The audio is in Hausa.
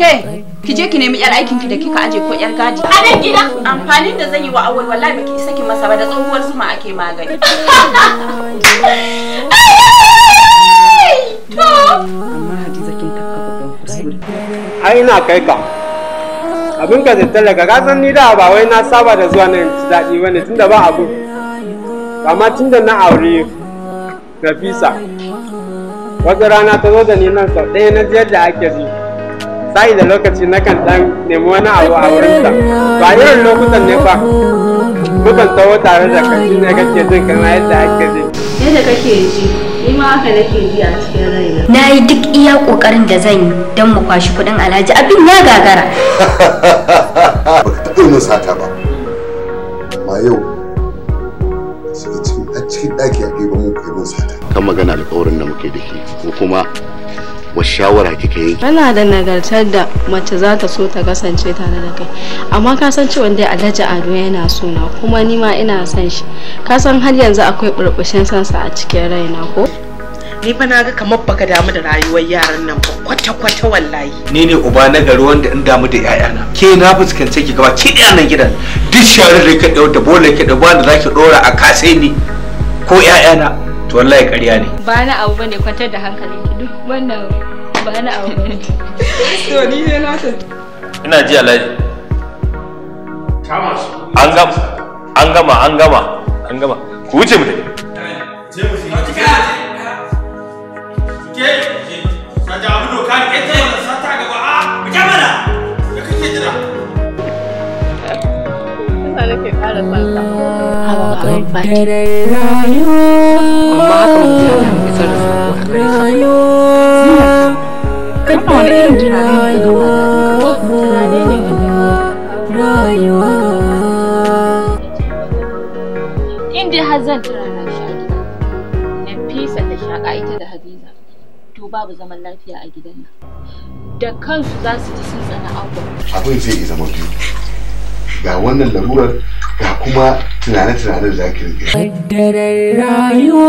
ke ki je ki nemi yar aikin ki da kika aje ko yar gadi a nan gida amfanin da zan yi wa awal wallahi baki saki masa ba da tsohuwar zuma ake magani ai na kai ka abin ka zai talaka ka san ni da ba wai na saba da zuwa nan ci daɗi tunda ba abu amma tunda na aure Nafisa wata rana ta zo da ni nan sau ɗaya na ziyar da ake zuwa. sai da lokaci na kan dan nemi wani abu a wurinsa ba irin lokutan ne ba mukan tsawo tare da kashi ne kake jin kana yadda ake ji yadda kake ji ni ma haka nake ji a cikin raina na yi duk iya kokarin da zan yi don mu kwashi kudin alhaji abin ya gagara ba ka taɓa yin sata ba ma yau a cikin ɗaki a ɗiba mun kai mun sata kan magana alƙawarin da muke da shi ko kuma Wasu shawara kika yi kana da nagartar da mace za ta so ta kasance tare da kai amma ka san cewa dai alhaji ado yana suna kuma ni ma ina son shi ka san har yanzu akwai burbushin sansa a cikin raina ko ni fa na ga kamar baka damu da rayuwar yaran nan ba kwata kwata wallahi ni ne uba na gari wanda in damu da yayana ke na fuskance ki gaba ki nan gidan duk sharar da ka da bola ki da ba da zaki dora a kase ni ko yayana to wallahi ƙarya ne ba na abu bane kwantar da hankali duk wannan ba na abu bane to ni ne na ta ina ji alhaji kama an gama an gama an gama ku wuce mu je mu tafi Inda har zan tura na shaƙi, Nafisa da shaƙa ita da Hadiza, to babu zaman lafiya a gidan nan. Da kansu za su ji sun tsana abu. Abin zai zama biyu. Ga wannan larurar ga kuma tunane-tunanen da za ki rike. rayuwa